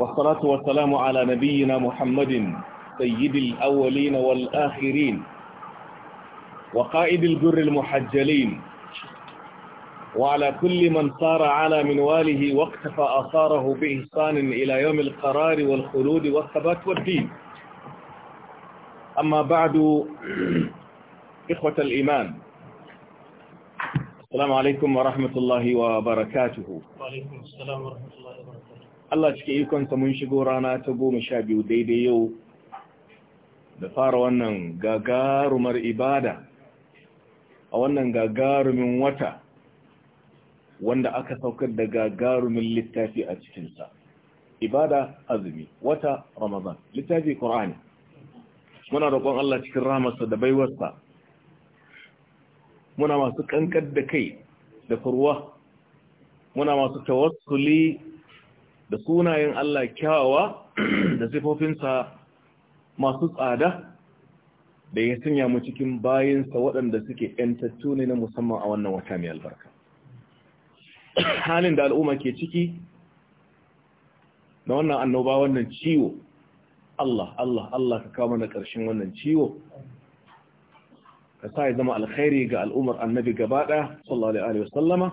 والصلاة والسلام على نبينا محمد سيد الأولين والآخرين وقائد الجر المحجلين وعلى كل من صار على منواله واقتفى أثاره بإحسان إلى يوم القرار والخلود والثبات والدين أما بعد إخوة الإيمان السلام عليكم ورحمة الله وبركاته وعليكم السلام ورحمة الله وبركاته Allah cike ikonsa mun shigo rana ta goma sha biyu daidai yau da fara wannan gagarumar ibada a wannan gagarumin wata wanda aka saukar da gagarumin littafi a cikinsa ibada azumi wata ramadan littafi ƙorani muna roƙon Allah cikin ramarsa da baiwarsa muna masu ƙanƙar da kai da furwa muna masu tawassuli da sunayen Allah kyawawa da sifofinsa masu tsada da ya sanya mu cikin bayansa waɗanda suke ‘yantattu ne na musamman a wannan wata mai albarka. Halin da al'umma ke ciki na wannan annoba wannan ciwo, Allah, Allah, Allah ka kawo mana ƙarshen wannan ciwo, ka sa ya zama alkhairi ga al'ummar annabi gaba ɗaya, sallallahu Alaihi wasallama,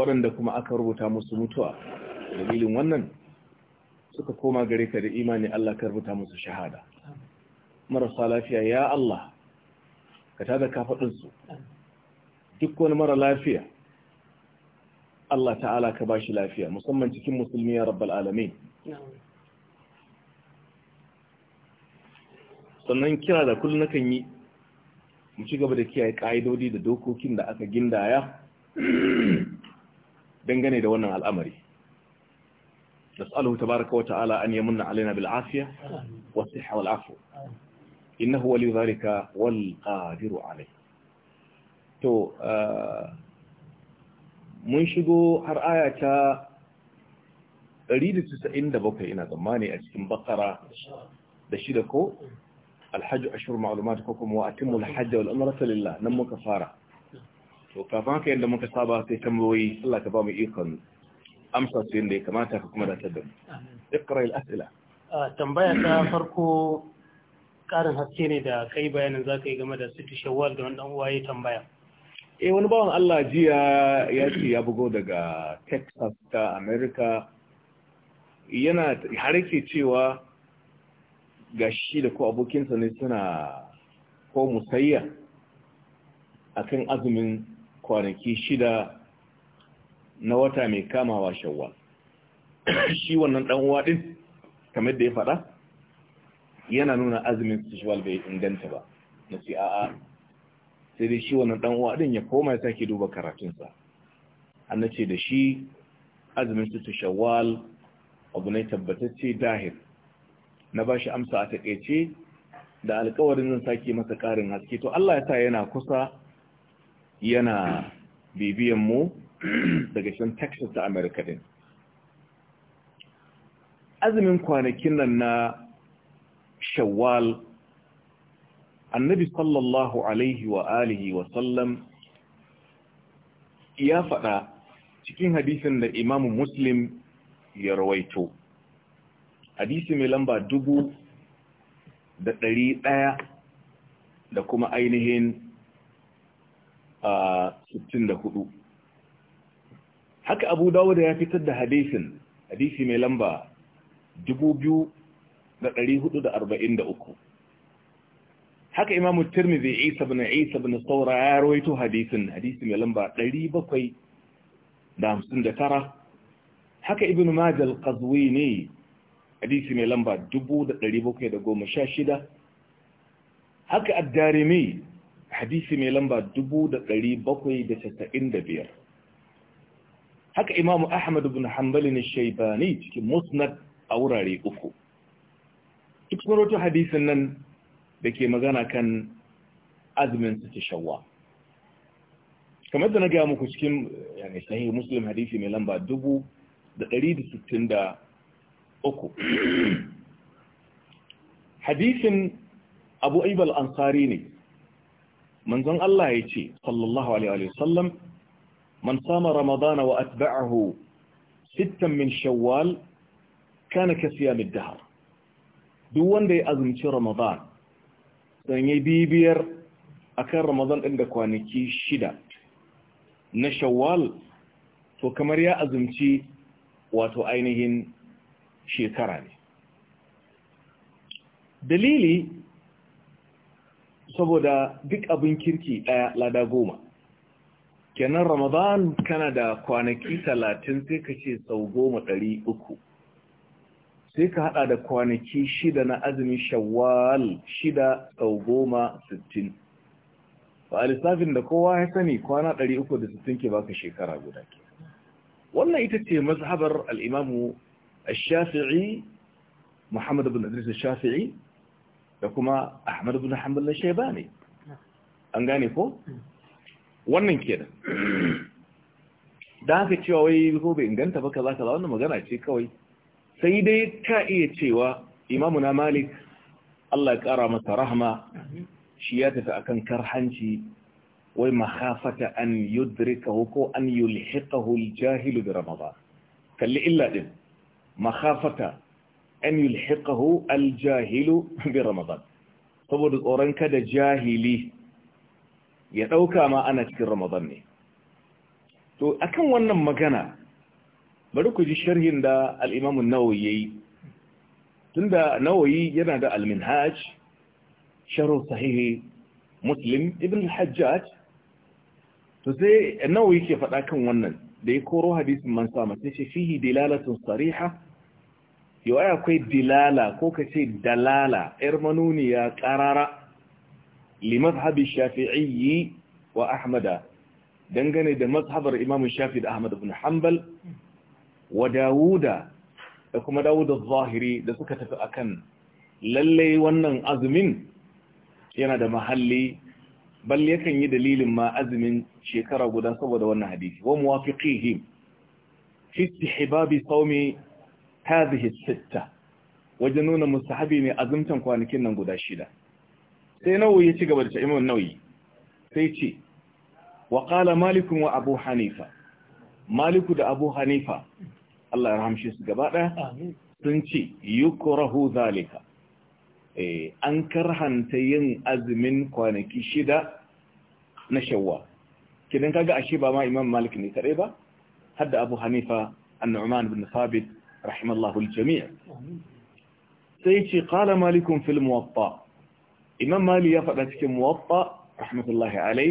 waɗanda kuma aka rubuta musu mutuwa dalilin wannan suka koma gare ka da imani Allah ka rubuta musu shahada marasa lafiya ya Allah ka tada kafaɗinsu duk wani mara lafiya Allah ta'ala ka ba shi lafiya musamman cikin musulmi ya rabbal alamin sannan kira da kullum nakan yi mu ci gaba da kiyaye ƙa'idodi da dokokin da aka gindaya dangane da wannan al'amari da tsalu ta baraka wa ta'ala an yi munna alina bil'afiya wasu hawal'afu inna huwa liyu zarika wal ƙadiru alai to uh, mun shigo har aya ta 197 ina zamani a cikin bakara da shida ko alhaji ashirin ma'alumata ko kuma wa'atimul hajji wal'amurata lillah nan muka fara to kafin haka yadda muka saba sai tambayoyi Allah ka ba mu ikon amsa su yadda ya kamata ka kuma datar da mu iqra al tambaya ta farko karin haske ne da kai bayanin ka yi game da situ shawwal da uwa uwaye tambaya eh wani bawan Allah jiya ya ce ya bugo daga Texas ta America yana har yake cewa gashi da ko abokinsa ne suna ko musayya akan azumin kwanaki shida na wata mai kamawa shawwal shi wannan dan uwa din kamar da ya faɗa yana nuna azumin shawwal bai inganta ba na ce a'a sai dai shi wannan dan uwa din ya koma ya sake duba karatunsa an ce da shi azumin su shawwal abu ne tabbatacce dahir na bashi amsa a takaice da alkawarin zan sake masa ƙarin haske to Allah ya sa yana kusa yana bibiyan mu daga shan Texas da America din azumin kwanakin nan na shawwal annabi sallallahu alaihi wa alihi wa sallam ya faɗa cikin hadisin da imamu muslim ya rawaito hadisi mai lamba dubu da ɗari ɗaya da kuma ainihin 64 haka abu dawud ya fitar da hadisin hadisi mai lamba 2443 haka imamu tirmidhi isa bin isa bin saura ya rawaito hadisin hadisi mai lamba 759 haka ibn majah al-qazwini hadisi mai lamba 2716 haka ad-darimi hadisi mai lamba biyar. haka imamu ahmad bin hanbalin shaibani cikin musnad a wurare uku duk maroto hadisin nan da ke magana kan azumin su shawwa kamar da na gaya muku cikin yani muslim hadisi mai lamba dubu da da da uku hadisin abu aibal ansari ne manzon Allah ya ce sallallahu alaihi wa sallam man sama ramadana wa atba'ahu sittan min shawwal kana ka siyamid duk wanda ya azumci ramadan sanye yayi bibiyar akan ramadan din da kwanaki shida na shawwal to kamar ya azumci wato ainihin shekara ne dalili saboda duk abin kirki ɗaya lada goma kenan ramadan kana da kwanaki talatin sai ka ce sau goma ɗari uku sai ka hada da kwanaki shida na azumin shawwal shida sau goma sittin ba a lissafin da kowa ya sani kwana ɗari uku da sittin ke baka shekara guda ke wannan ita ce mazhabar al'imamu shafi'i muhammad bin idris shafi'i da kuma ahmad bin hanbal na sheba ne an gane ko wannan kenan da haka cewa wai ko bai inganta ba kaza kaza wannan magana ce kawai sai dai ka iya cewa imamuna na malik Allah ya kara masa rahma shi ya tafi akan karhanci wai makhafata an yudrikahu ko an yulhiqahu aljahilu bi ramadan kalli illa din makhafata an yulhiqahu aljahilu bi ramadan saboda tsoron kada jahili ya dauka ma ana cikin ramadan ne to akan wannan magana bari ku ji sharhin da al-Imam an-Nawawi yayi tunda Nawawi yana da al sharo sahihi Muslim ibn hajjaj to sai Nawawi ke faɗa kan wannan da ya koro hadisin man sama sai ce fihi sariha yau akwai dilala ko ka ce dalala ‘yar manuniya ƙarara limazhabi shafi'iyyi wa ahmada dangane da mazhabar imamu shafi da ahmad ibn hanbal wa dawuda da kuma dawuda zahiri da suka tafi akan lallai wannan azumin yana da mahalli bal yakan yi dalilin ma azumin shekara guda saboda wannan hadisi wa muwafiqihim fi istihbabi sawmi hadhihi sitta wajen nuna mustahabi ne azumtan kwanakin nan guda shida sai nawawi ya ci gaba da imam nawawi sai ce wa qala wa abu hanifa maliku da abu hanifa Allah ya rahamshe sun ce yukrahu zalika eh an karhanta yin azumin kwanaki shida na shawwal kidan kaga ashe ba ma imam malik ne kare ba hadda abu hanifa an-nu'man ibn thabit rahimallahu aljami' sai ce kala malikun fil muwatta imam mali ya faɗa cikin muwatta rahmatullahi alai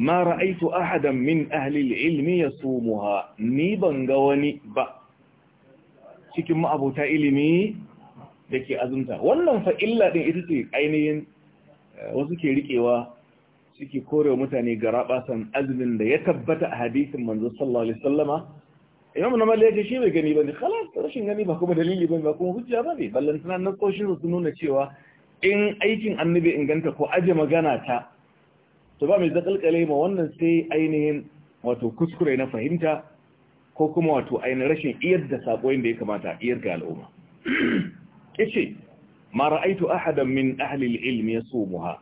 ma ra'aitu ahadan min ahli alilmi yasumuha ni ban ga wani ba cikin ma'abota ilimi dake azumta wannan fa illa din ita ce ainihin eh, wasu ke rikewa suke korewa mutane garabasan azumin da ya tabbata a hadisin manzo sallallahu alaihi wasallama imam na shi bai gani bane khalas rashin gani ba kuma dalili bane ba kuma hujja bane ballan tana nan koshin nuna cewa in aikin annabi inganta ko aje magana ta to ba mai zakalkale ma wannan sai ainihin wato kuskure na fahimta ko kuma wato ainihin rashin iyar da sako da ya kamata iyar ga al'umma yace ma ra'aitu ahadan min ahli al-ilm yasumuha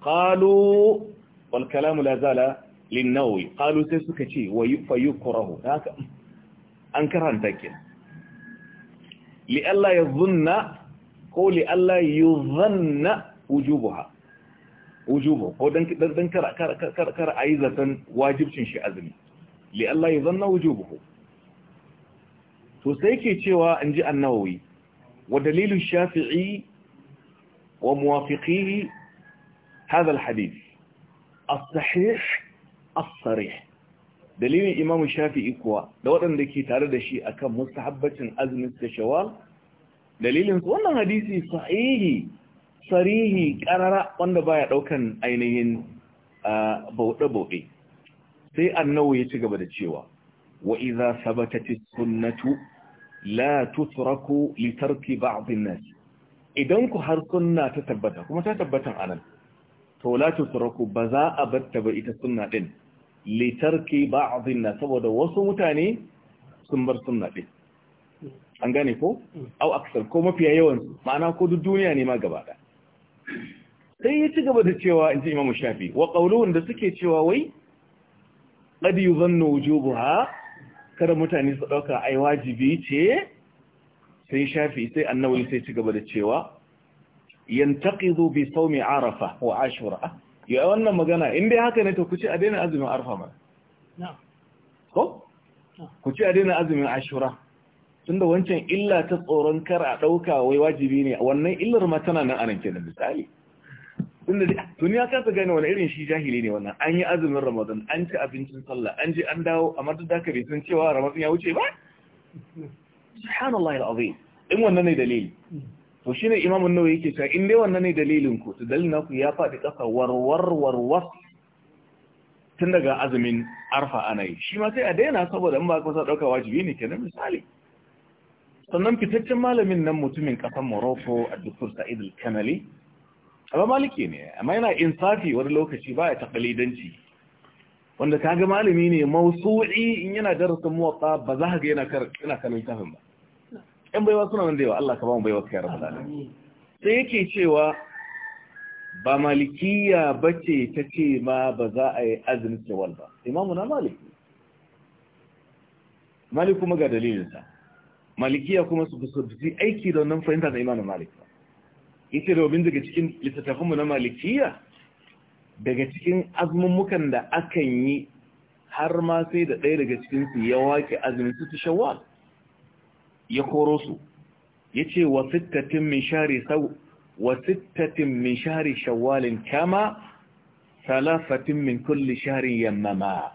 qalu wal kalamu la zala للنووي قالوا سيسوك شيء ويفيكره هكا أنكرها نتاكين لألا يظن قول لألا يظن وجوبها وجوبه ودن كرا كرا كرا كرا واجب شنشي أذني لألا يظن وجوبه تسيكي تشيوا أنجي النووي ودليل الشافعي وموافقيه هذا الحديث الصحيح as dalilin imam shafi'i kuwa da waɗanda ke tare da shi akan mustahabbacin azumin da Dalilin dalilin wannan hadisi sahihi sarihi karara wanda baya daukan ainihin bauɗe-bauɗe sai annawi ya ci gaba da cewa wa idza sabatatis sunnatu la tutraku li tarki ba'd an-nas idan ku har sunna ta tabbata kuma ta tabbatan anan to la tutraku ba za a batta ba ita sunna din litarki a zinna saboda wasu mutane sun bar sunna din an gane ko au aksar ko mafiya yawan ma'ana ko duk duniya ne ma gaba da sai ya ci gaba da cewa in ji imamu shafi wa qaulun da suke cewa wai qad yuzannu ha? kada mutane su ɗauka, ai wajibi ce sai shafi sai annawi sai ci gaba da cewa yantaqidu bi sawmi arafa wa ashura ya wannan magana in dai haka ne to ku ci a daina azumin arfa ma ko ku ci a daina azumin ashura tunda wancan illa ta tsoron kar a ɗauka wai wajibi ne wannan illar ma tana nan anan kenan misali tunda tuni ya kasa gane wani irin shi jahili ne wannan an yi azumin ramadan an ci abincin sallah an je an dawo amma duk da bai san cewa ramadan ya wuce ba subhanallahi alazim in wannan ne dalili mm. to shine imamun nawa yake cewa in dai wannan ne dalilin ku to dalilin ku ya faɗi ƙasa warwar warwar tun daga azumin arfa ana yi shi ma sai a daina saboda in ba ka sa ɗauka wajibi ne kenan misali sannan fitaccen malamin nan mutumin ƙasar morocco a dukkan sa'id al-kanali amma maliki ne amma yana insafi wani lokaci ba ya taƙalidanci wanda ga malami ne mausu'i in yana darasin muwatta ba za ka ga yana karanta kafin ba ‘yan baiwa suna nan da yawa Allah ka ba mu baiwa ka yara bala sai yake cewa ba malikiya ba ce ta ce ma ba za a yi azumin cewar ba imamu na maliki Maliki kuma ga dalilinsa malikiya kuma su fi aiki da wannan fahimta na imanin maliki. ba ita domin daga cikin littattafinmu na malikiya daga cikin azumin da akan yi har ma sai da ɗaya daga cikinsu ya wake azumin su ta shawwal ya koro su yace wa sittatin min shari sau wa sittatin min shari kama salafatin min kulli shari yammama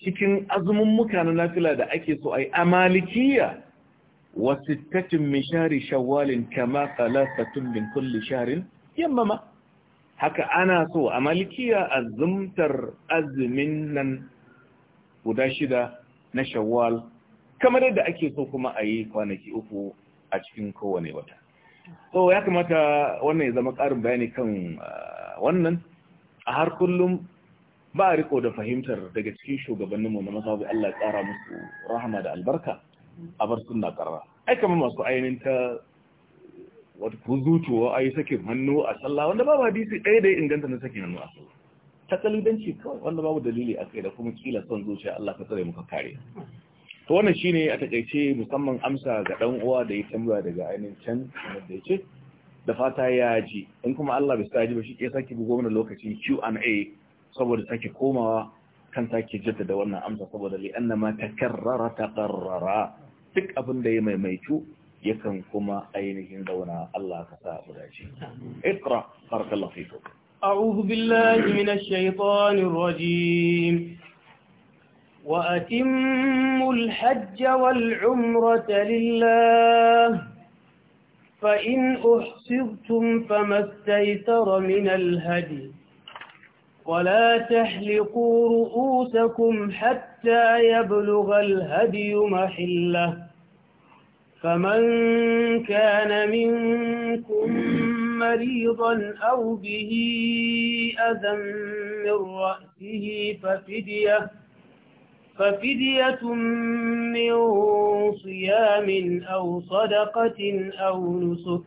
cikin azumin muka na nafila da ake so ai amalikiya wa sittatin min shari shawwalin kama salafatin min kulli shari yammama haka ana so a malikiya azumtar azumin nan guda shida na shawwal kamar yadda ake so kuma a yi kwanaki uku a cikin kowane wata so ya kamata wannan ya zama ƙarin bayani kan ah, wannan a har kullum ba a riko da fahimtar daga cikin shugabanninmu na mazhabi Allah tsara musu rahama da albarka a bar suna karra ai kamar masu ainihin ta wata kuzutuwa a yi sakin hannu a sallah wanda babu hadisi ɗaya da inganta na sakin hannu a sallah ta kalidanci kawai wanda babu dalili a kai da kuma kila son zuciya Allah ka tsare muka kare to wannan shine a takaice musamman amsa ga dan uwa da ya tambaya daga ainihin can da ya da fata ya ji in kuma Allah bai sa ba shi ke sake bugo mana lokacin Q&A saboda sake komawa kan sake jaddada wannan amsa saboda li annama takarrara taqarrara duk abin da ya maimaitu yakan kuma ainihin zauna Allah ka sa mu dace iqra barakallahu fikum a'udhu billahi minash shaitanir rajim وأتموا الحج والعمرة لله فإن أحصرتم فما استيسر من الهدي ولا تحلقوا رؤوسكم حتى يبلغ الهدي محله فمن كان منكم مريضا أو به أذى من رأسه ففديه ففدية من صيام أو صدقة أو نسك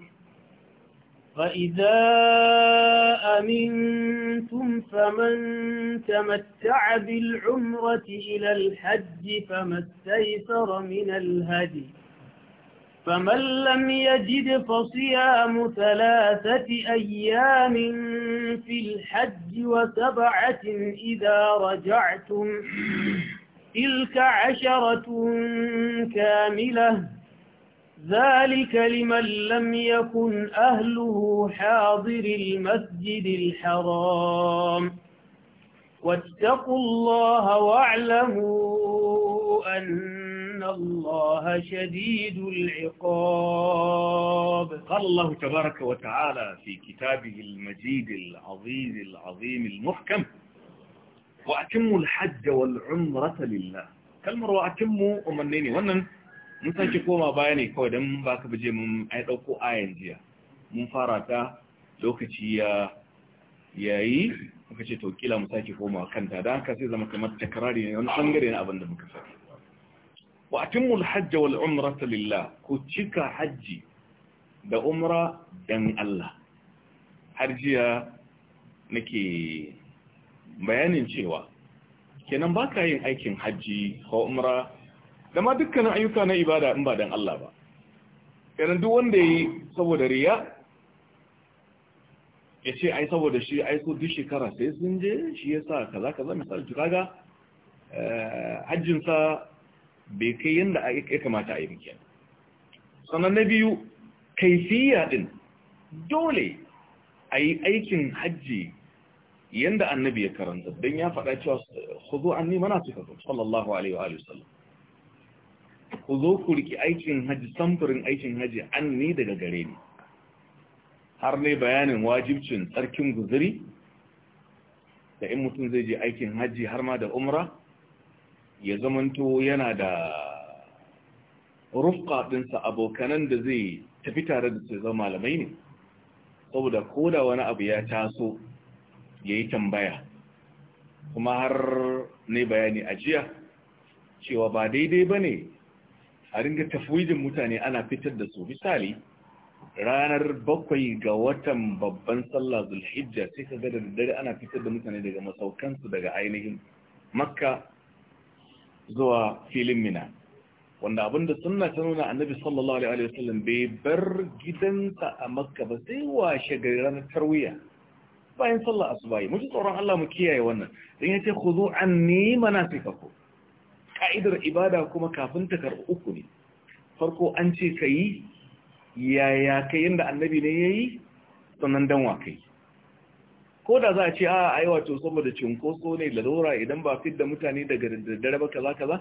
فإذا أمنتم فمن تمتع بالعمرة إلى الحج فما استيسر من الهدي فمن لم يجد فصيام ثلاثة أيام في الحج وسبعة إذا رجعتم تلك عشرة كاملة ذلك لمن لم يكن أهله حاضر المسجد الحرام واتقوا الله واعلموا أن الله شديد العقاب قال الله تبارك وتعالى في كتابه المجيد العظيم العظيم المحكم وأتموا الحج والعمرة لله kalmar wa atimmu umarni ne wannan mun sake koma baya ne kawai don mu ka baje mun ai aya ayan jiya mun fara ta lokaci ya yayi muka ce to kila mu sake koma kanta dan haka sai zama kamar takrari ne na abinda da muka sake wa atimmu al ku cika haji da umra dan Allah har jiya nake bayanin cewa kenan ba ka yin aikin hajji ko umra da ma dukkanin ayyuka na ibada in ba dan Allah ba kenan duk wanda yi saboda riya ya ce ai saboda shi ai duk shekara sai sun je shi ya sa kaza kaza misali ki kaga eh, hajjinsa bai kai yadda ya kamata a yi muke sannan na biyu kaifiya din dole a yi aikin hajji yanda annabi ya karanta don ya faɗa cewa huzo an nema na suka zo sallallahu alaihi wa sallam ku riki aikin hajji samfurin aikin haji an ne daga gare ni har ne bayanin wajibcin tsarkin guzuri da in mutum zai je aikin haji har ma da umra ya zamanto yana da rufka ɗinsa abokanan da zai tafi tare da su zama malamai ne saboda koda wani abu ya taso ya yi tambaya kuma har ne bayani a jiya cewa ba daidai ba ne a ringa tafwidin mutane ana fitar da su misali ranar bakwai ga watan babban sallah zulhijja sai ka da dare ana fitar da mutane daga masaukansu daga ainihin makka zuwa filin mina wanda abinda sunna ta nuna annabi sallallahu alaihi wasallam bai bar gidansa a makka ba sai washe ga ranar tarwiyya. bayan sallah asubahi mu tsoron Allah mu kiyaye wannan dan yace khudu anni manasikakum ka'idar ibada kuma kafin ta karbu uku ne farko an ce ka yi yaya kai yadda annabi ne ya sannan danwa wa kai ko da za a ce a ai wato saboda cinkoso ne lalura idan ba fit da mutane daga daddare ba kaza kaza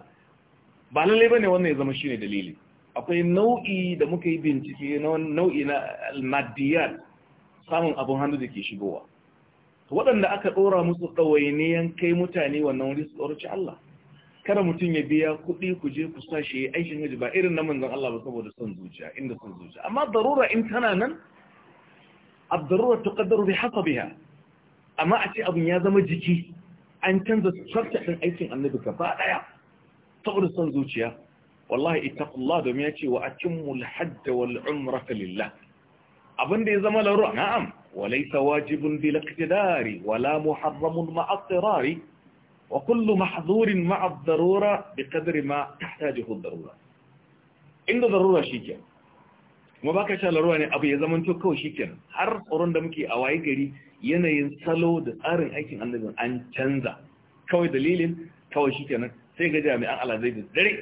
ba lalle ba wannan ya zama shine dalili akwai nau'i da muka yi bincike na nau'i na al-maddiyat samun abin hannu da ke shigowa waɗanda aka ɗora musu ɗawainiyan kai mutane wannan wuri su tsoraci Allah kada mutum ya biya kuɗi ku je ku sa shi aikin haji ba irin na manzon Allah ba saboda son zuciya inda son zuciya amma darura in tana nan ad-darura tuqaddaru bi hasabiha amma a ce abin ya zama jiki an canza structure ɗin aikin annabi gaba daya saboda son zuciya wallahi ittaqullah domin ya ce wa atimul hajj wal umrata lillah abin da ya zama larura na'am وليس واجب بالاقتدار ولا محرم مع اضطرار وكل محظور مع الضرورة بقدر ما تحتاجه الضرورة عند الضروره شيكا ما باكا شاء الله رواني يعني أبي يزمن توكو شيكا هر قرون دمكي أواي قري ين ينسلو دقار أيكين أندزن أن تنزا كوي دليل كوي شيكا سيقا جامي أعلى زيد الزري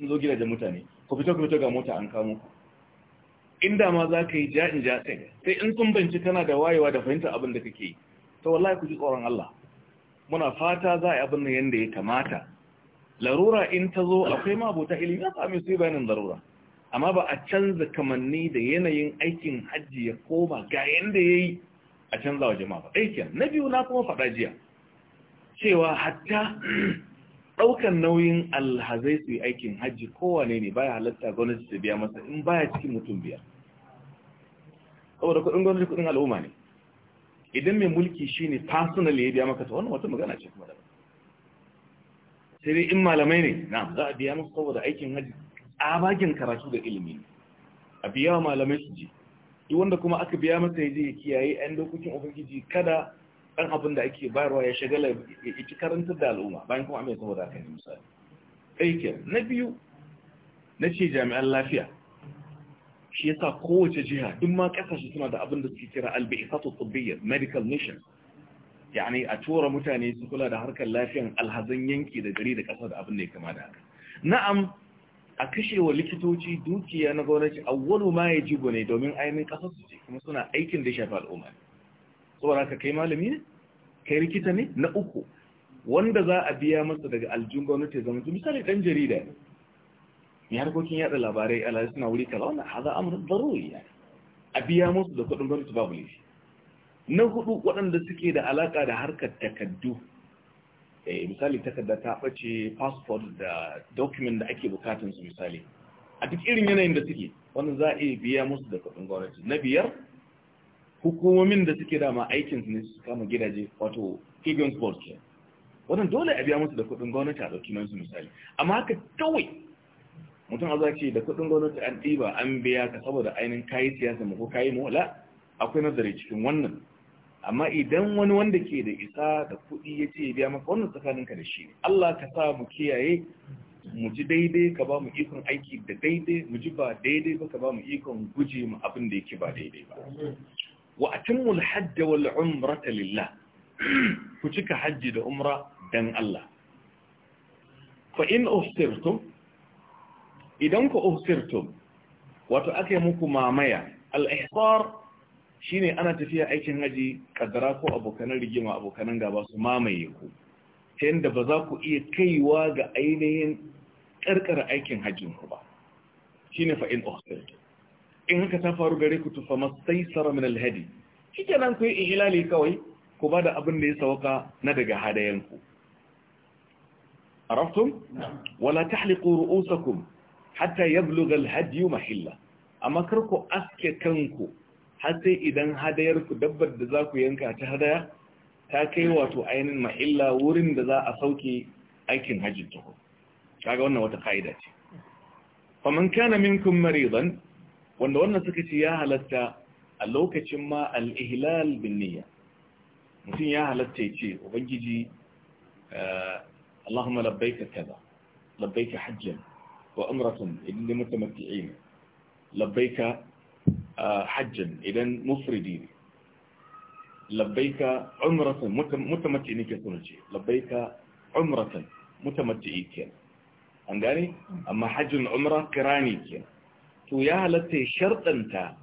نزوجي لجا متاني كوبيتوك بيتوك موتا أنكامو inda ma za ka yi ja'in ja'in sai in sun banci kana da wayewa da fahimtar abin da kake yi to wallahi ku ji tsoron Allah muna fata za a yi abin da yanda ya kamata larura in ta zo akwai ma abota ilimi ya sami su bayanin larura amma ba a canza kamanni da yanayin aikin hajji ya koma ga yanda ya yi a canza wa jama'a ba na biyu na kuma faɗa jiya cewa hatta Daukan nauyin alhazai su yi aikin hajji kowane ne baya halatta gwamnati ta biya masa in baya cikin mutum biya saboda kuɗin gwamnati kuɗin al'umma ne idan mai mulki shi ne personal ya biya maka ta wannan wata magana ce kuma da sai dai in malamai ne na za a biya musu saboda aikin hajji tsabagen karatu da ilimi a biya wa malamai su ji duk wanda kuma aka biya masa ya je ya kiyaye 'yan dokokin ubangiji kada Ɗan abin da ake bayarwa ya shagala ya ci karantar da al'umma bayan kuma amai saboda aka yi misali aikin na biyu na ce jami'an lafiya shi yasa kowace jiha duk ma kasashe suna da abin da suke kira albi'isatu tibbiyya medical mission yani a tura mutane su kula da harkar lafiyan alhazan yanki da gari da ƙasa da abin da ya kama da haka na'am a kashewa likitoci dukiya na gwamnati awwalu ma yajibu ne domin ainihin kasar su ce kuma suna aikin da shafi al'umma ne saboda ka kai malami ne kai rikita ne na uku wanda za a biya masa daga aljun gwamnati zama su misali dan jarida ne mai harkokin yada labarai ala suna wuri kala wannan haza amurin barori ya a biya musu da kudin gwamnati babu laifi na hudu waɗanda suke da alaka da harkar takaddu eh, misali takarda ta ɓace passport da document da ake bukatun su misali a duk irin yanayin da suke wannan za a iya biya musu da kudin gwamnati na biyar hukumomin da suke dama aikin ne su kama gidaje wato higgins sport ke wannan dole a biya musu da kudin gwamnati a dauki su misali amma haka kawai mutum a da kudin gwamnati an ɗiba an biya ka saboda ainihin kayi siyasa mu ko kayi wala, akwai nazari cikin wannan amma idan wani wanda ke da isa da kuɗi ya ce biya maka wannan ka da shi Allah ka sa mu kiyaye mu ji daidai ka ba mu ikon aiki da daidai mu ji ba daidai ba ka ba mu ikon guje mu abin da yake ba daidai ba wa atimmu al-hajj wal umrata lillah ku cika hajji da umra dan Allah fa in ustirtum idan ku ustirtum wato ake muku mamaya al-ihsar shine ana tafiya aikin haji kaddara ko abokanan rigima abokanan gaba su mamaye ku ta yadda ba za ku iya kaiwa ga ainihin karkar aikin hajjin ku ba shine fa in ustirtum in haka ta faru gare ku tufa mastaisara min alhadi nan ku yi ihlali kawai ku ba da abin da ya sauka na daga hadayanku araftum wala tahliqu ru'usakum hatta yablugha alhadi mahilla amma kar ku aske kanku har sai idan ku dabbar da za ku yanka ta hadaya ta kai wato ainin mahilla wurin da za a sauke aikin hajji ta kaga wannan wata ka'ida ce faman kana minkum maridan wanda wannan suka ce ya halatta a lokacin ma al'ihlal bin niyya mutum ya halatta ya ce ubangiji Allahumma labbaika kaza labbaika hajjan wa umratun idan mutamatti'in labbaika hajjan idan mufridi ne labbaika umratan mutamatti ne ke suna ce labbaika umratan mutamatti ke an gane amma hajjin umra kirani ke to ya halatta sharɗanta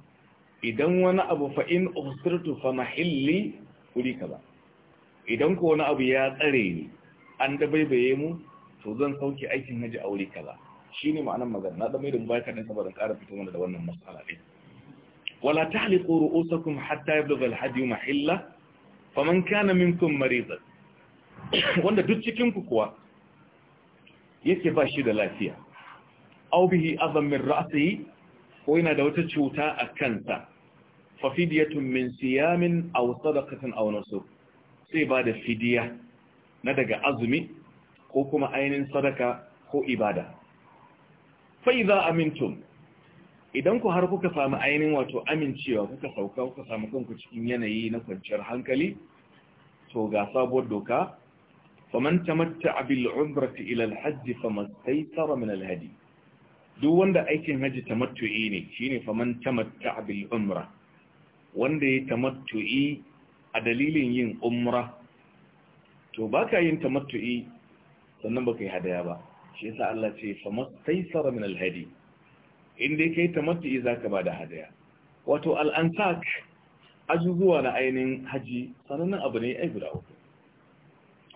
idan wani abu fa'in ofisirtu fa mahilli wuri ka ba idan ko wani abu ya tsare ni an dabaibaye mu to zan sauke aikin haji a wuri ka ba shi ne ma'anar magana na ɗamai da mu baya kaɗan saboda ƙara fito mana da wannan matsala ɗin wala ta haliƙo ru'usakum hatta ya bulga alhaji fa faman kana minkum maridan wanda duk cikin ku kuwa yake ba shi da lafiya au bihi azam min ra'sihi ko yana da wata cuta a kanta fa min siyamin aw a wani su sai ba da fidiya na daga azumi ko kuma ainihin sadaka ko ibada fa amintum idan ku har kuka samu ainihin wato amincewa kuka sauka kuka samu kanku cikin yanayi na kwanciyar hankali to ga sabuwar doka famanta tamatta bil umrati ila al hajj famastaysara min alhadi duk wanda aikin haji tamattu'i ne shine faman tamatta bil umra wanda ya tamattu'i a dalilin yin umra to baka yin tamattu'i sannan baka yi hadaya ba shi yasa Allah ce famastaysara min al-hadi inda kai tamattu'i zaka bada hadaya wato al-ansak na ainihin haji sanannen abu ne ai guda uku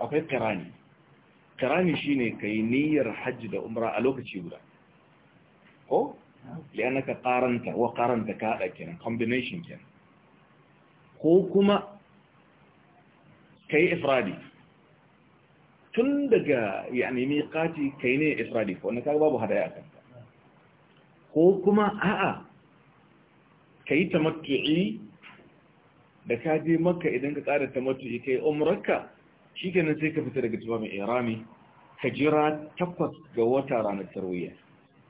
akwai kirani kirani shine kai niyyar haji da umra a lokaci guda ko li'annaka karanta wa karanta ka hada kenan combination kenan ko kuma kai ifradi tun daga yani miqati kai ne ifradi ko na kaga babu hadaya kan ko kuma a'a kai tamattu'i da ka je makka idan ka tsara tamattu'i kai umrarka shikenan sai ka fita daga tufafin irami ka jira takwas ga wata ranar tarwiyya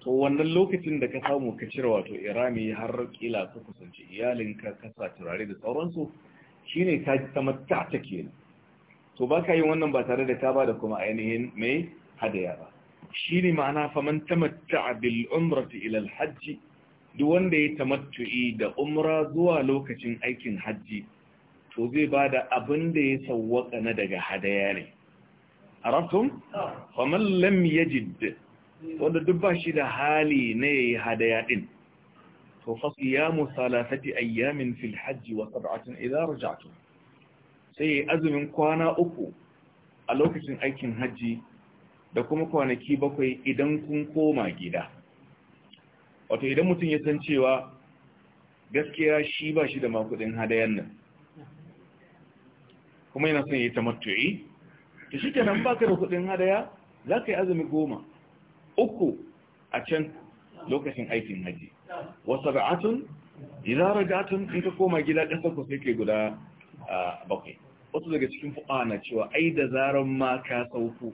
to wannan lokacin da ka samu ka cire wato irami har kila ka kusanci iyalinka ka sa turare da sauransu shine ka ji ta kenan to ba ka yi wannan ba tare da ka ba da kuma ainihin mai hadaya ba shine ma'ana faman tamatta'a bil umrati ila al hajj duk wanda ya tamattu'i da umra zuwa lokacin aikin hajji to zai ba da abin da ya sawwaka na daga hadaya ne arabtum faman lam yajid wanda duk ba shi da hali ne yayi yi hadaya ɗin to fasi ya musala sati ayyamin fil hajji wa sab'atin idan rajatu sai azumin kwana uku a lokacin aikin hajji da kuma kwanaki bakwai idan kun koma gida wato idan mutum ya san cewa gaskiya shi ba shi da makudin hadayen nan kuma yana son ya yi tamattu'i to shi kenan baka da kudin hadaya za ka yi azumi goma uku a can lokacin aikin haji wasu ra'atun idan ragatun in ka koma gida ƙasar ku sai ke guda bakwai wasu daga cikin fuka na cewa ai da zarar ma ka sauku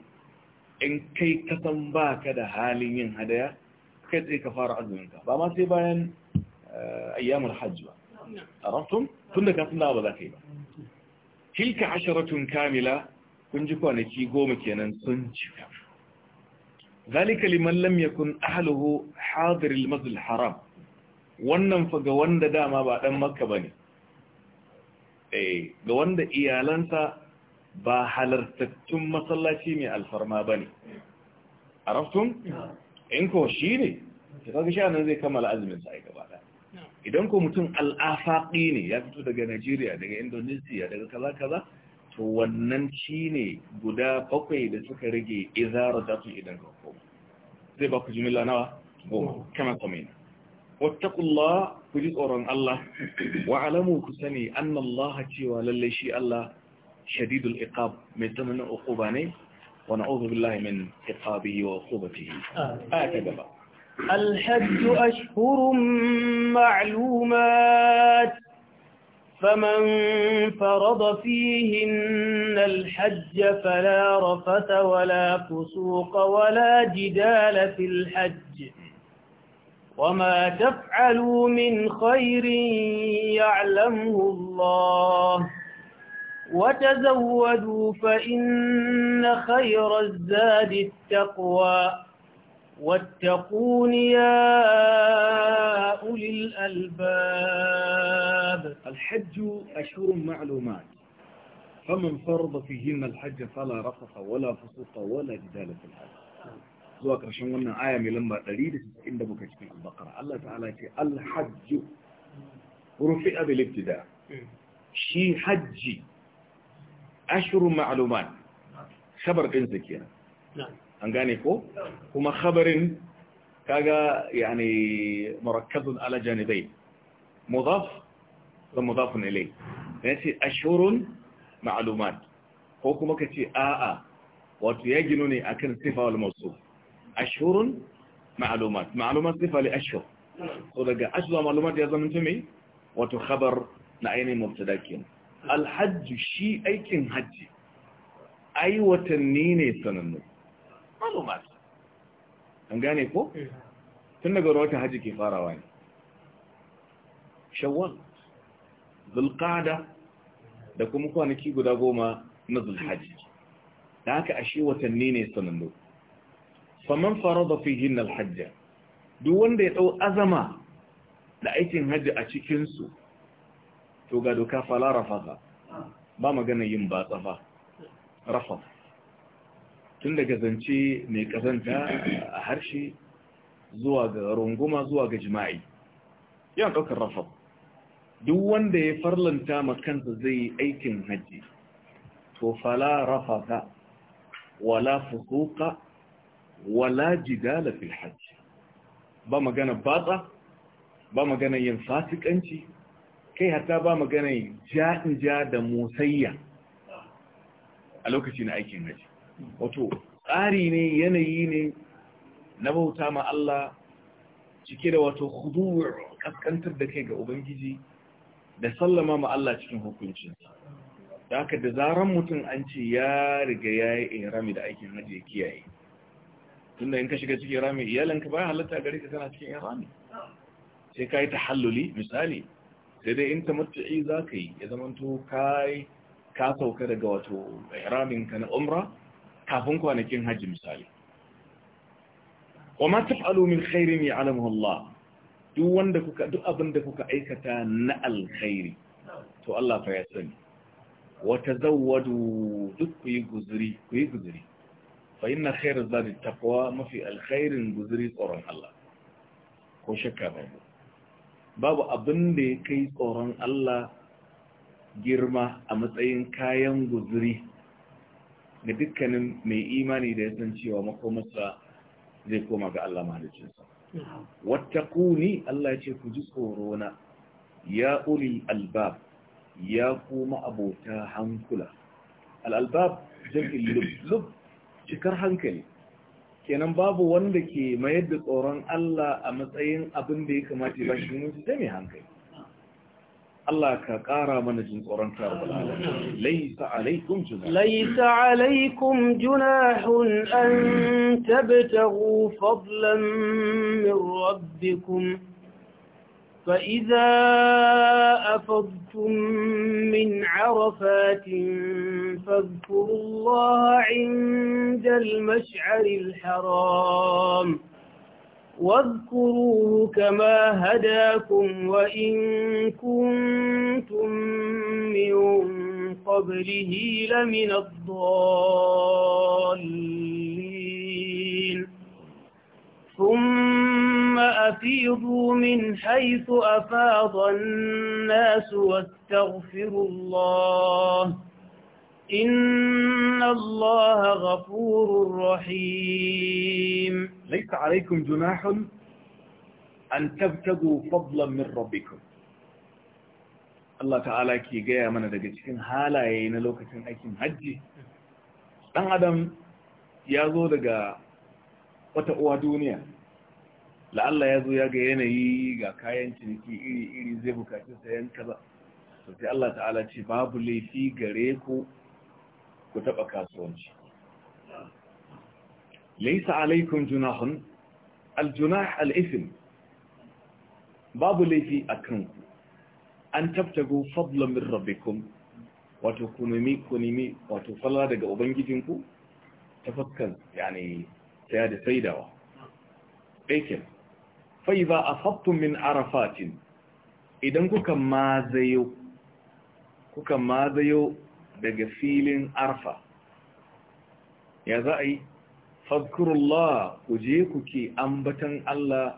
in kai kasan ba ka da halin yin hadaya kai tsaye ka fara azuminka ba ma sai bayan ayyamar hajji ba a rantun tun da da ba za ka yi ba tilka tun kamila kun ji kwanaki goma kenan sun cika zalika liman lam yakun ahluhu hadir al haram wannan fa ga wanda dama ba dan makka bane eh ga wanda iyalansa ba halartattun masallaci mai alfarma bane arabtum in ko shine kaga shi anan zai kammala azumin sa ai gaba da idan ko mutum al'afaqi ne ya fito daga Najeriya daga Indonesia daga kaza kaza to wannan shi ne guda bakwai da suka rage izara zatun idan rako zai ba ku jimila nawa goma kama kamina wattakullah ku ji tsoron Allah wa alamu ku sani an Allah cewa lallai shi Allah shadidul iqab mai tsananin uquba ne wa na'udhu billahi min iqabihi wa uqubatihi a ta gaba الحج أشهر معلومات فمن فرض فيهن الحج فلا رفث ولا فسوق ولا جدال في الحج وما تفعلوا من خير يعلمه الله وتزودوا فإن خير الزاد التقوى واتقون يا أولي الألباب الحج أشهر معلومات فمن فرض فيهن الحج فلا رفق ولا فسوق ولا جدال في الحج زوك رشان قلنا آية من لما تريد إن دمك في البقرة الله تعالى في الحج رفئ بالابتداء شي حجي أشهر معلومات خبر قنزك نعم أنغانيكو هما خبر كاغا يعني مركز على جانبين مضاف ومضاف إليه ناسي أشهر معلومات هو كما كتي آآ وتيجنني أكن صفة والموصوف أشهر معلومات معلومات صفة لأشهر صدق أشهر معلومات يزمن تمي وتخبر نعيني مبتداكين الحج شي أي كن حج أي وتنيني سننو manoma su an gane ko eh. tun daga wata hajji ke farawa ne shawwal zulqada da kuma kwanaki guda goma na zulhajji da aka ashe watanni ne sanannu faman farada fihin alhajja duk wanda ya dau azama da aikin hajji a cikin su to ga doka fala rafaka. ba magana yin ba tsafa tun daga zance mai kazanta a harshe zuwa ga runguma zuwa ga jima'i yana ɗaukar rafar. duk wanda ya farlanta makansa zai yi aikin hajji to fala rafata wala fusuka wala jidala fil hajji ba magana batsa ba magana yin fasikanci kai hata ba magana ja'in ja da musayya a lokaci na aikin hajji wato tsari ne yanayi ne na bauta ma Allah cike da wato khudu' kaskantar da kai ga ubangiji da sallama ma Allah cikin hukuncinsa da haka da zaran mutum an ce ya riga ya yi rami da aikin hajji ya kiyaye tunda in ka shiga cikin ramin iyalanka baya halatta gare ka tana cikin irami sai ka yi tahalluli misali sai dai in tamattu'i za ka yi ya zamanto ka ka sauka daga wato ka na umra kafin kwanakin hajji misali wa ma taf'alu min khairin ya'lamuhu Allah duk wanda kuka duk abin da kuka aikata na alkhairi to Allah fa ya sani wa tazawwadu duk ku yi guzuri ku yi guzuri fa inna zadi taqwa mafi alkhairin guzuri tsoron Allah ko shakka babu babu abin da ya kai tsoron Allah girma a matsayin kayan guzuri ga dukkanin mai imani da ya san cewa makomarsa zai koma ga Allah wata wattaquni Allah ya ce ku ji tsoro na ya ulil albab ya kuma abota hankula al'albab jam'in lub cikar hankali kenan babu wanda ke mayar da tsoron Allah a matsayin abin da ya kamata ba shi ta mai hankali الله كقارا من جن قران رب ليس عليكم جناح ليس عليكم جناح ان تبتغوا فضلا من ربكم فاذا افضتم من عرفات فاذكروا الله عند المشعر الحرام واذكروه كما هداكم وإن كنتم من قبله لمن الضالين ثم أفيضوا من حيث أفاض الناس واستغفروا الله إن الله غفور رحيم ليس عليكم جناح أن تبتغوا فضلا من ربكم Allah ta'ala ke gaya mana daga cikin halaye na lokacin aikin hajji ɗan adam ya zo daga wata uwa duniya la'alla ya zo ya ga yanayi ga kayan ciniki iri-iri zai bukaci sayan kaza to Allah ta'ala ce babu laifi gare ku ku taɓa kasuwanci laisa alaikum junahun aljunah al'ifin babu laifi a kanku an tabtago fadlan min rabbikum wato ku nemi ku nemi wato falla daga ubangijinku ta fuskar yani saya da saidawa ɗaikin fai ba a fattun min arafatin idan kuka mazayo kuka mazayo daga filin arfa ya za a yi fadkurullah ku je ku ke ambatan Allah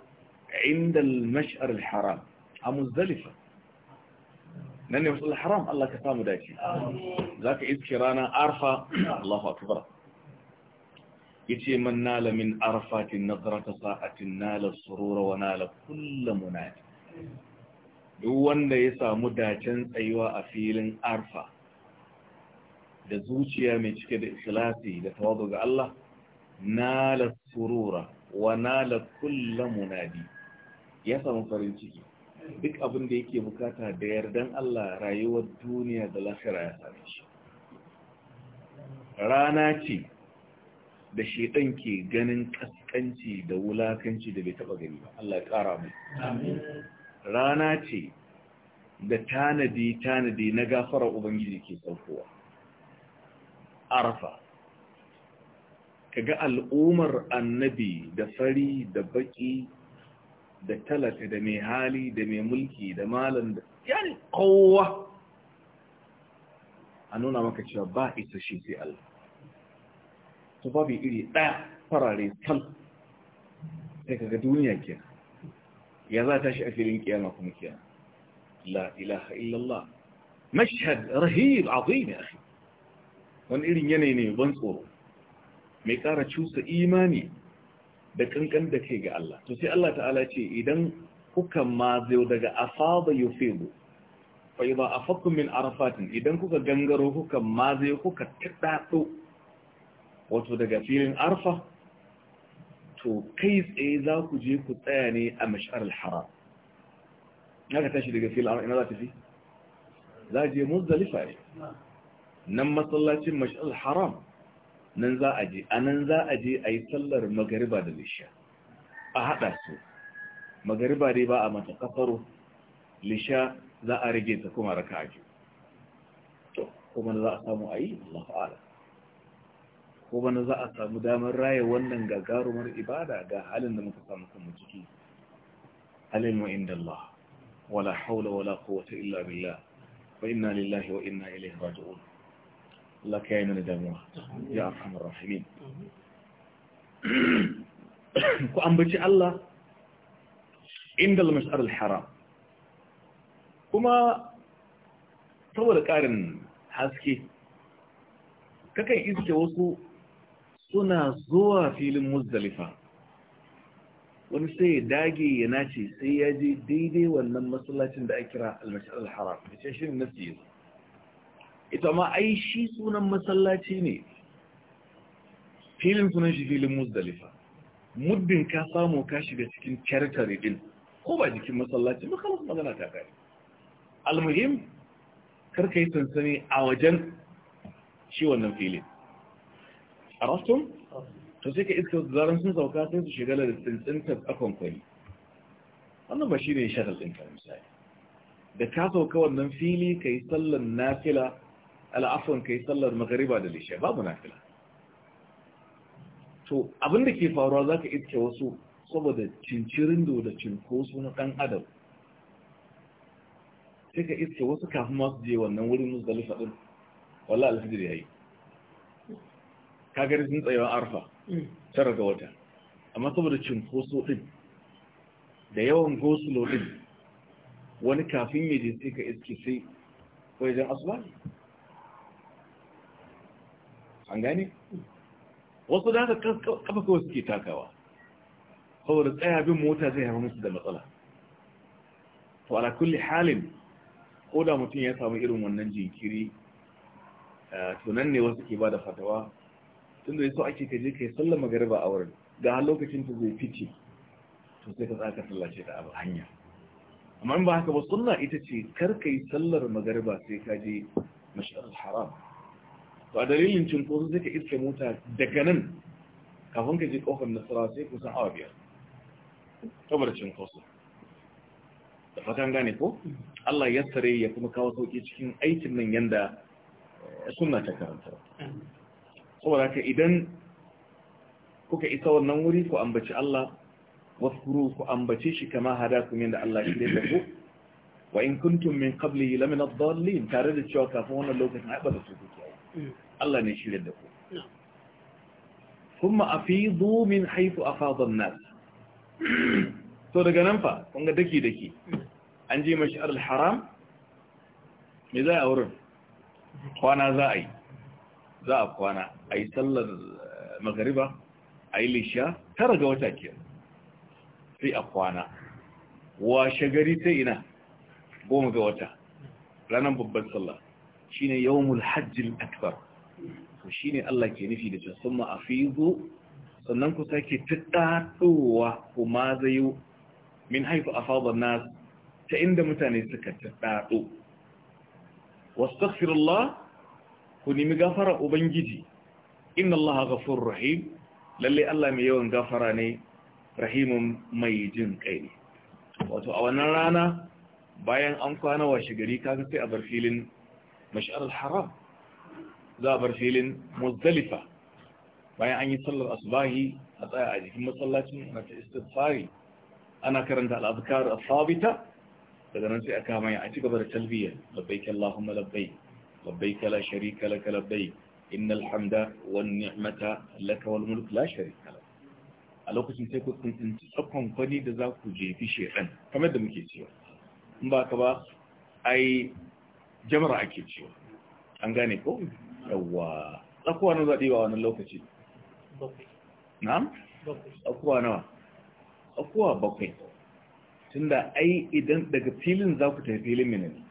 inda al-mash'ar haram a muzdalifa nan ne wasu haram Allah ka samu dace za ka iske ranar arfa Allahu akbar ce man nala min arfatin nazarata sa'atin nala surura wa nala kullu munadi duk wanda ya samu dacen tsayuwa a filin arfa da zuciya mai cike da ikhlasi da tawadu ga Allah nala surura wa nala kullu munadi ya samu farin ciki duk abin da yake bukata da yardan Allah rayuwar duniya da lahira ya same shi rana ce da shedan ke ganin kaskanci da wulakanci da bai taba gani ba Allah ya kara mu rana ce da tanadi tanadi na gafara ubangiji ke saukowa عرفة كجاء الأمر النبي دفري دبكي دتلت دمي هالي دمي ملكي دمالا يعني قوة أنونا ما كتشوى باعث الشيء في الله تبابي إلي دع فراري تل تكا الدنيا كي يا تشأ في الانكيان وكم كيا لا إله إلا الله مشهد رهيب عظيم يا أخي wani irin yanayi ne ban tsoro mai ƙara cusa imani da kankan da kai ga Allah to sai Allah ta'ala ce idan kuka ma daga afada yufidu fa idza afaqtum min idan kuka gangaro kuka ma kuka tadado wato daga filin arfa to kai tsaye za ku je ku tsaya ne a mashar al-haram naka tashi daga filin arfa ina za ta fi za je muzdalifa ne nan masallacin mashal haram nan za a je a nan za a je a yi sallar magariba da lisha a haɗa su magariba dai ba a mata kafaro lisha za a rage ta kuma raka ake to kuma za a samu a yi Allah fa'ala kuma za a samu damar raya wannan gagarumar ibada ga halin da muka samu kuma ciki halin wa inda Allah wala haula wala kowace illa billah wa inna lillahi wa inna ilaihi raji'un Allah ka yi damuwa ya arhamar rahimin ku ambaci Allah inda al-mashar al-haram kuma saboda ƙarin haske kakan iske wasu suna zuwa filin muzdalifa wani sai ya dage ya nace sai ya je daidai wannan masallacin da ake kira al-mashar al-haram da ce ita ma ai shi sunan masallaci ne filin sunan shi filin muzdalifa muddin ka samu ka shiga cikin territory din ko ba jikin masallaci ba kalas magana ta kare almuhim karka yi sansani a wajen shi wannan filin a rastun to sai ka iska zaren sun sauka sai su shiga da tsintsintar akon kwani wannan ba shi ne shakal ɗin ka misali da ka sauka wannan fili ka yi sallan nafila al'afon kai sallar magariba da lishe babu nafila to abinda ke faruwa za ka iske wasu saboda cincirin da cinkoso na ɗan adam sai ka iske wasu kafin masu je wannan wurin musdalifa ɗin walla alfijir ya yi kagari sun tsayawa arfa mm. tara ga wata amma saboda cinkoso ɗin da yawan gosulo ɗin wani kafin je sai ka iske sai wajen asuwa an gane wasu da haka kafa kawai suke takawa saboda tsaya bin mota zai haifar musu da matsala to ala kulli halin ko da mutum ya samu irin wannan jinkiri eh, tunan ne wasu ke ba da fatawa tun da yaso ake kaje kai sallar magariba a wurin ga har lokacin ta zai fice to sai ka tsaka sallace ta abu hanya amma in ba haka ba sunna ita ce kar kai sallar magariba sai ka je mashar haram to a dalilin cinkoso sai ka iske mota daga nan kafin ka je kofar nasara sai kusan awa biyar saboda cinkoso da fatan gane ko Allah ya tsare ya kuma kawo sauki cikin aikin nan yanda eh, suna ta karanta saboda ka idan kuka isa wannan wuri ku ambaci Allah waskuru ku ambace shi kama kuma yanda Allah shi da ku wa in kuntum min qabli lamina ad-dallin tare da cewa kafin wannan lokacin ai ba da su kuke Allah ne shirya da ku kuma fi min haythu a fadon nasu. to daga nan fa kun daki-daki. Hmm. an je mashi al-haram me za a wurin kwana za a yi za a kwana a yi sallar eh, magariba a yi lisha tara ga wata ke sai a kwana washe gari ta ina goma ga wata ranar babban sallah shine yawmul hajjil akbar to shine Allah ke nufi da summa afidu sannan ku sake tattatowa kuma zayu min haifu afadha nas ta inda mutane suka tattato wastaghfirullah ku nemi gafara ubangiji inna Allah ghafurur rahim lalle Allah mai yawan gafara ne rahimun mai jin kai ne wato a wannan rana bayan an kwana washe gari kaga sai a bar filin mashar haram za a bar filin muzdalifa bayan an yi sallar asbahi a tsaya a jikin masallacin na ta istighfari ana karanta al-azkar as-sabita daga nan sai aka hanya a ci gaba da talbiya labbaik allahumma labbaik labbaik kala sharika lak labbaik innal hamda wa ni'mata lak wal mulk la sharika lak a lokacin sai ku tsinci tsakon kwani da za ku jefi shedan kamar da muke cewa in ba ka ba ai jamar ake cewa an gane ko yawa tsakuwa na zaɗi wa wannan lokaci na? tsakuwa nawa tsakuwa bakwai tunda ai idan daga filin za ku tafi filin minani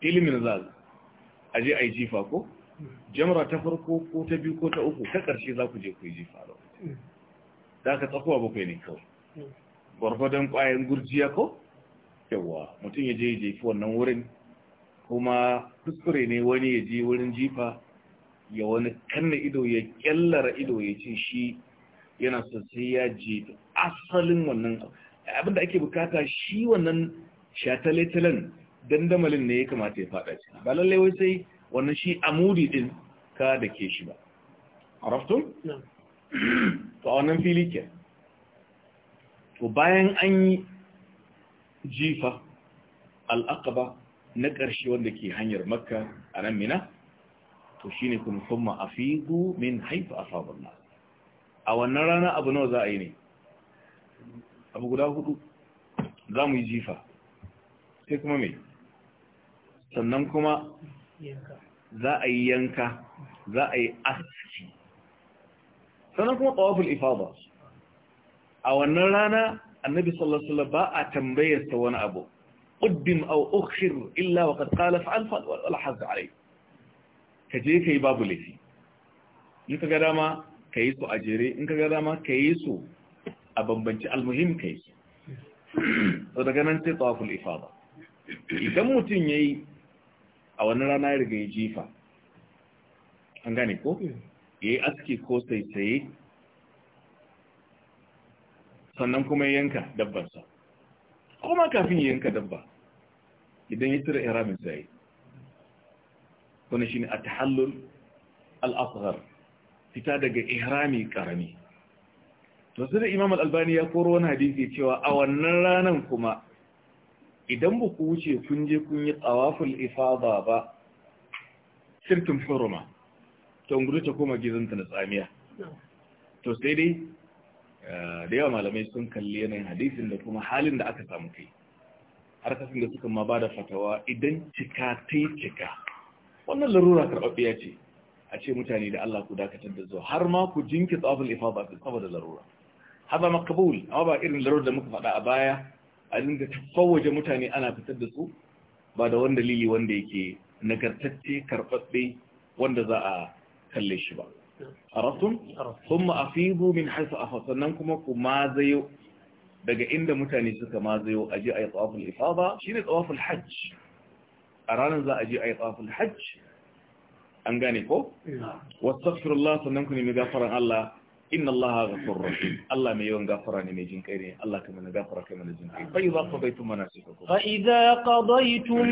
filin za a je a yi jifa ko mm. Jamara ta farko ko ta biyu ko ta uku ta ƙarshe za ku je ku yi jifa mm. da aka tsakuwa bakwai ne kawai mm. gwargwadon ƙwayan gurjiya ko yawa mutum ya je ya jefi wannan wurin kuma kuskure ne wani ya je wurin jifa ya wani kanna ido ya kyallara ido ya ce shi yana sosai ya jefi asalin wannan abinda ake bukata shi wannan shataletalen dandamalin ne ya kamata ya fada ci ba lallai wai sai wannan shi amudi din ka da ke shi ba araftun? to a wannan fili ke to bayan an yi jifa al'aqaba na ƙarshe wanda ke hanyar makka a nan mina to shi ne kuma kuma a figu min haifu a sabon na a wannan rana abu nawa za a yi ne abu guda hudu za mu yi jifa sai kuma mai sannan kuma za a yi yanka za a yi aski sannan kuma tsawafin ifaba a wannan rana annabi sallallahu alaihi ba a tambayarsa wani abu قدم أو أخر إلا وقد قال فعل ولا حظ عليه كجي كي باب ليه إنك قداما كيسو أجري إنك قداما كيسو أبنبنج المهم كيسو فتكنا أنت طواف الإفاضة إذا موتين يي أو أن رانا يرغي جيفا أنغانيكو يي إيه أسكي كوسي سي sannan kuma yanka dabbarsa kuma kafin yanka dabbar idan ya tura ihramin wani shi ne a tahallul al fita daga ihrami karami to sai Imam al-Albani ya koro wani hadisi cewa a wannan ranar kuma idan ba ku wuce kun je kun yi tsawaful ifada ba shirkin huruma to nguru ta koma gizanta na tsamiya to sai dai eh, da yawa malamai sun kalli yanayin hadisin da kuma halin da aka samu kai har da suka ma ba da fatawa idan cika ta yi cika wannan larura karɓaɓɓiya ce a ce mutane da Allah ku dakatar da zuwa har ma ku jinki tsawafin ifada ku saboda larura haza makabul amma ba irin larura da muka faɗa a baya a dinga tafawaje mutane ana fitar da su ba da wani dalili wanda yake nagartacce karɓaɓɓe wanda za a kalle shi ba arastun kuma fi min haisu a sannan kuma ku mazayo daga inda mutane suka ma mazayo a je a yi tsawafin ifaba shi ne tsawafin hajj a ranar za a je a yi tsawafin hajj an gane ko? wasu sannan ku nemi gafaran Allah inna Allah ga rahim Allah mai yawan gafara ne mai jin kai ne Allah ka mana gafara kai mana jin kai fa idza qadaytum manasikakum fa idza qadaytum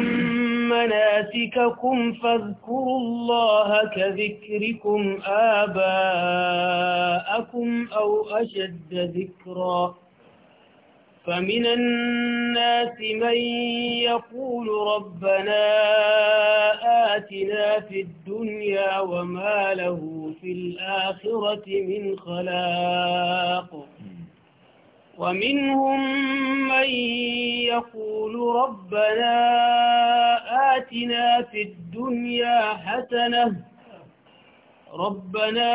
manasikakum fadhkurullaha ka dhikrikum aba'akum aw ashadda dhikra فمن الناس من يقول ربنا آتنا في الدنيا وما له في الآخرة من خلاق ومنهم من يقول ربنا آتنا في الدنيا حسنة ربنا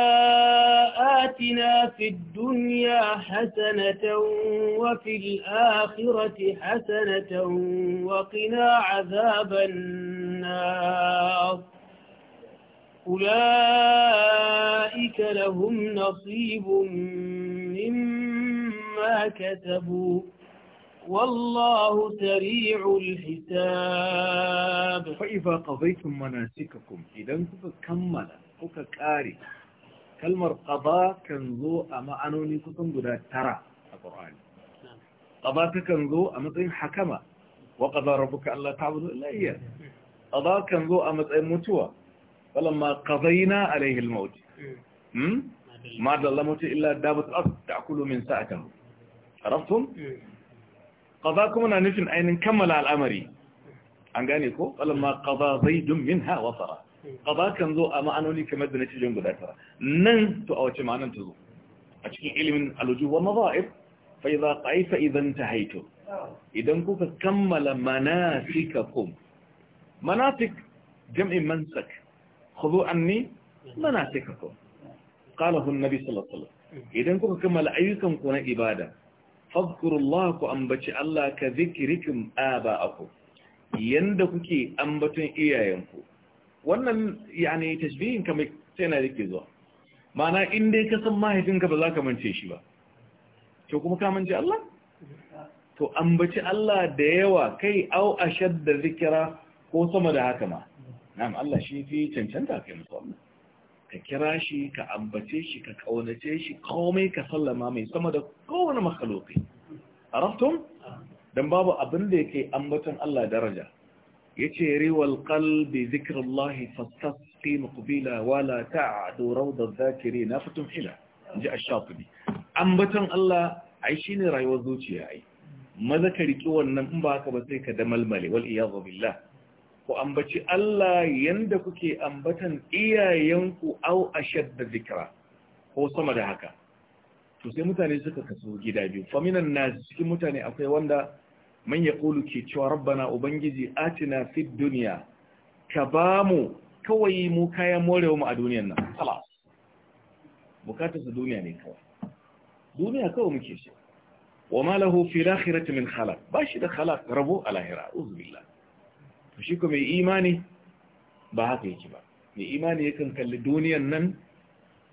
آتنا في الدنيا حسنة وفي الآخرة حسنة وقنا عذاب النار أولئك لهم نصيب مما كسبوا والله سريع الحساب فإذا قضيتم مناسككم إذا كنت كملت kuka ƙare kalmar ƙaba kan zo a ma'anoni kusan guda tara a ƙorani ƙaba ta kan zo a matsayin hakama wa ƙaba rabuka Allah ta abu layya ƙaba kan zo a matsayin mutuwa falamma ƙazaina alaihi almauti ma da lamutu illa dabat as ta'kulu min sa'atan arabtum ƙaba kuma na nufin ainihin kammala al'amari an gane ko falamma ƙaba zaidun minha wasara qada kan zo a ma'anoni kamar da nace jin guda tara nan to a wace ma'anan ta zo a cikin ilimin al-wujuh wa madha'ib fa idha qa'ifa idan tahaytu idan kuka kammala manasikakum manasik jam'in mansak khudhu anni manasikakum qalahu an-nabi sallallahu alaihi wasallam idan kuka kammala ayyukan ku na ibada fadhkuru Allah ku ambaci Allah ka zikrikum aba'akum yanda kuke ambaton iyayenku wannan yani tashbihin kamar sai na yake zuwa mana in dai ka san mahaifinka ba za ka mance shi ba to kuma ka mance Allah to ambaci Allah da yawa kai au ashadda zikira ko sama da haka ma na'am Allah shi fi cancanta kai musamman ka kira shi ka ambace shi ka kaunace shi komai ka sallama mai sama da kowane makhluki arabtum dan babu abin da yake ambatan Allah daraja yace riwal kalbi zikrullahi fastasqi makubila wala ta'du rawda adh-dhakirin fatum ila ji ash-shafi'i ambaton Allah ai ne rayuwar zuciya ai maza ka wannan in ba haka ba sai ka damalmale wal iyadu billah ku ambaci Allah yanda kuke ambatan iyayenku au da zikra ko sama da haka to sai mutane suka kaso gida biyu faminan nas cikin mutane akwai wanda man yaqulu ke cewa rabbana ubangiji atina fid duniya. ka bamu kawai mu kayan morewa mu a duniyar nan salas bukatar su duniya ne kawai duniya kawai muke so wa ma lahu fi akhirati min khalaq shi da khalaq rabu a lahira uzbillah to shi kuma mai imani ba haka yake ba mai imani yakan kalli duniyar nan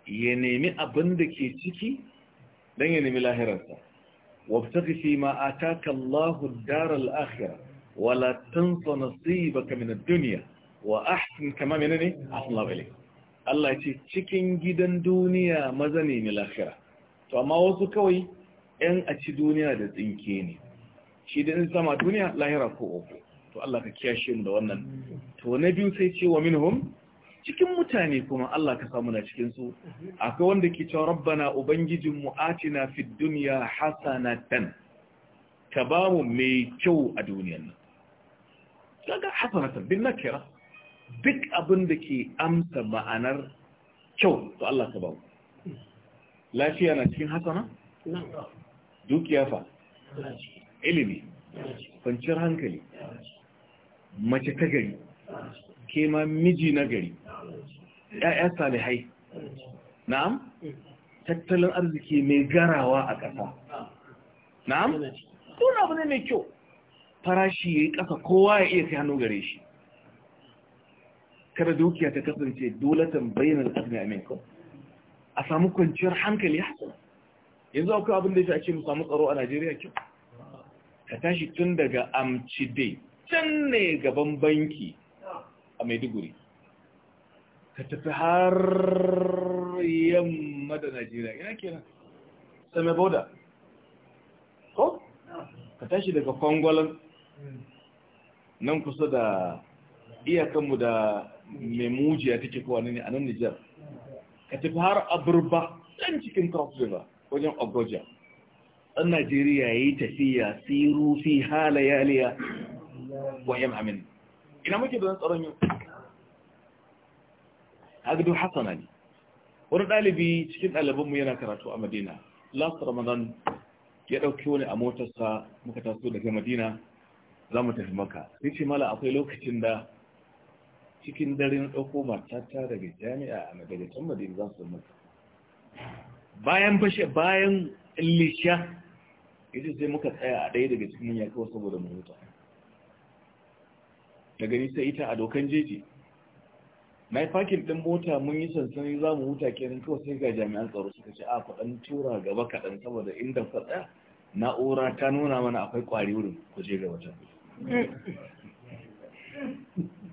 ya nemi abin da ke ciki don ya nemi lahirarsa وابتغ فيما آتاك الله الدار الآخرة ولا تنس نصيبك من الدنيا وأحسن كما منني أحسن الله إليك الله يتي cikin gidan duniya maza ne lahira to amma wasu kawai yan a ci duniya da tsinke ne shi da in zama duniya lahira ko uku to Allah ka da wannan to na biyu sai ce wa minhum cikin mutane kuma Allah ka samu na cikin su akwai wanda ke cewa rabbana ubangijin mu atina fid dunya hasanatan ka ba mu mai kyau a duniyar nan kaga hasanatan bin nakira duk abin da ke amsa ma'anar kyau to Allah ka ba mu lafiya na cikin hasana dukiya fa ilimi kwanciyar hankali mace ta gari ke ma miji na gari ‘ya'ya salihai na'am tattalin arziki mai garawa a ƙasa na'am tun abu ne mai kyau farashi ya yi ƙasa kowa ya iya kai hannu gare shi kada dukiya ta kasance dolatan bayanar azumi a mekau a samu kwanciyar hankali hasana yanzu akwai abin da ya ce mu samu tsaro a najeriya kyau ka tashi tun daga amci dai can ne gaban banki a maiduguri ka tafi har yamma da najeriya ina nan? same boda ko ka tashi daga kwangwalan nan kusa da iyakanmu da mai take kowa ne a nan nijar ka tafi har aburba ɗan cikin cross river wajen ogoja ɗan najeriya ya yi tafiya siru fi halayaliya wa yam amin ina muke don tsaron yau agdu hasana ne wani ɗalibi cikin ɗalibanmu yana karatu a madina last ramadan ya ɗauki wani a motarsa muka taso daga madina za mu tafi maka sai ce mala akwai lokacin da cikin dare na ɗauko matata daga jami'a a daga madina za su maka bayan bashe bayan lishiya ya ce sai muka tsaya a ɗaya daga cikin yaƙi wasu saboda mu ta gani sai ita a dokan jeji na yi fakin ɗin mota mun yi sansani za mu huta kenan kawai sai ga jami'an tsaro suka ce a tura gaba kaɗan saboda inda faɗa na'ura ta nuna mana akwai ƙwari wurin ku je gaba can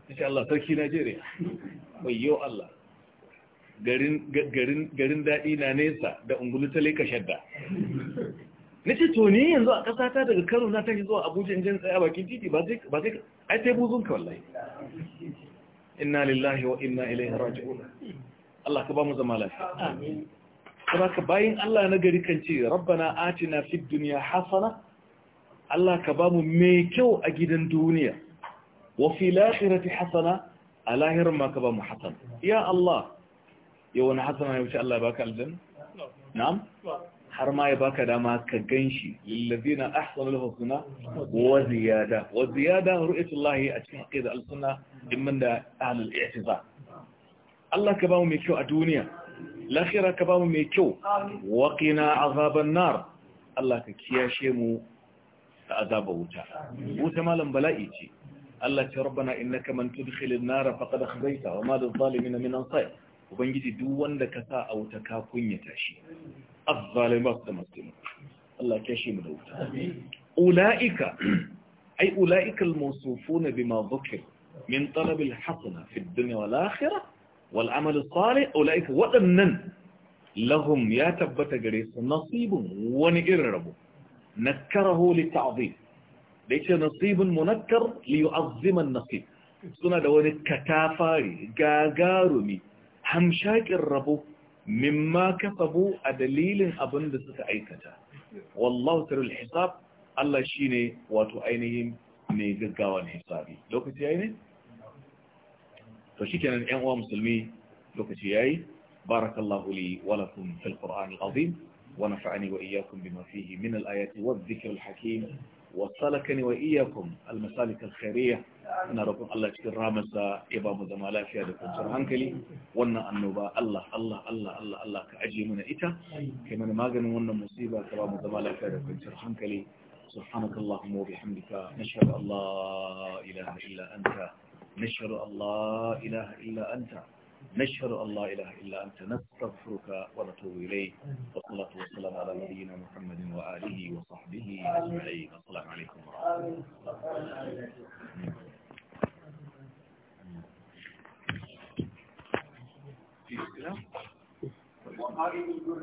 insha Allah sarki Najeriya mai yau Allah garin daɗi na nesa da ungulu ta leka shadda na ce to ni yanzu a ƙasa ta daga kano na tashi zuwa abuja in jan tsaya bakin titi ba sai ai sai buzun ka wallahi inna lillahi wa inna ilaihi raji'un Allah ka ba mu zama lafiya kuma ka bayin Allah na gari kan ce rabbana atina fid dunya hasana Allah ka ba mu mai kyau a gidan duniya wa fil akhirati hasana a lahirin ma ka ba mu hasana ya Allah yau wani hasana ya wuce Allah ya baka aljanna na'am har ma ya baka dama ka ganshi lillazina ahsanul husna wa ziyada wa ziyada ru'yatullahi a cikin aqida al-sunna dimman da ahlul i'tiza Allah ka bamu mai kyau a duniya lakhira ka bamu mai kyau wa qina azaban nar Allah ka kiyashe mu da azaba wuta wuta malam bala'i ce Allah ce rabbana innaka man tudkhilin nar faqad akhzaita wa ma lidh-dhalimin min ansar ubangiji duk wanda ka sa a wuta ka kunyata shi الظالمات المسلمات الله كشي من أولئك أولئك أي أولئك الموصوفون بما ذكر من طلب الحسنة في الدنيا والآخرة والعمل الصالح أولئك وأنن لهم يا تبت جريس نصيب ونئرب نكره لتعظيم ليس نصيب منكر ليعظم النصيب سنة دواني كتافاري غاغارمي همشاك الربو mimma kasabu a dalilin abin da suka aikata wallahu tarul hisab Allah shine wato ainihin mai gaggawa ne hisabi lokaci yayi ne to shikenan uwa musulmi lokaci yayi barakallahu li wa lakum fil qur'anil azim ونفعني وإياكم بما فيه ayati الآيات والذكر الحكيم wasalakani wa iyakum almasalik alkhairiyya ina roƙon Allah cikin ramarsa ya ba mu zama lafiya da kwanciyar hankali wannan annoba Allah Allah Allah Allah ka aje mana ita kai mana maganin wannan musiba ka ba zama lafiya da kwanciyar hankali سبحانك اللهم وبحمدك نشهد الله لا اله الا انت نشهد الله لا اله نشهد أن لا إله إلا أنت نستغفرك ونتوب إليك والصلاة والسلام على نبينا محمد وآله وصحبه أجمعين السلام عليكم ورحمة الله وبركاته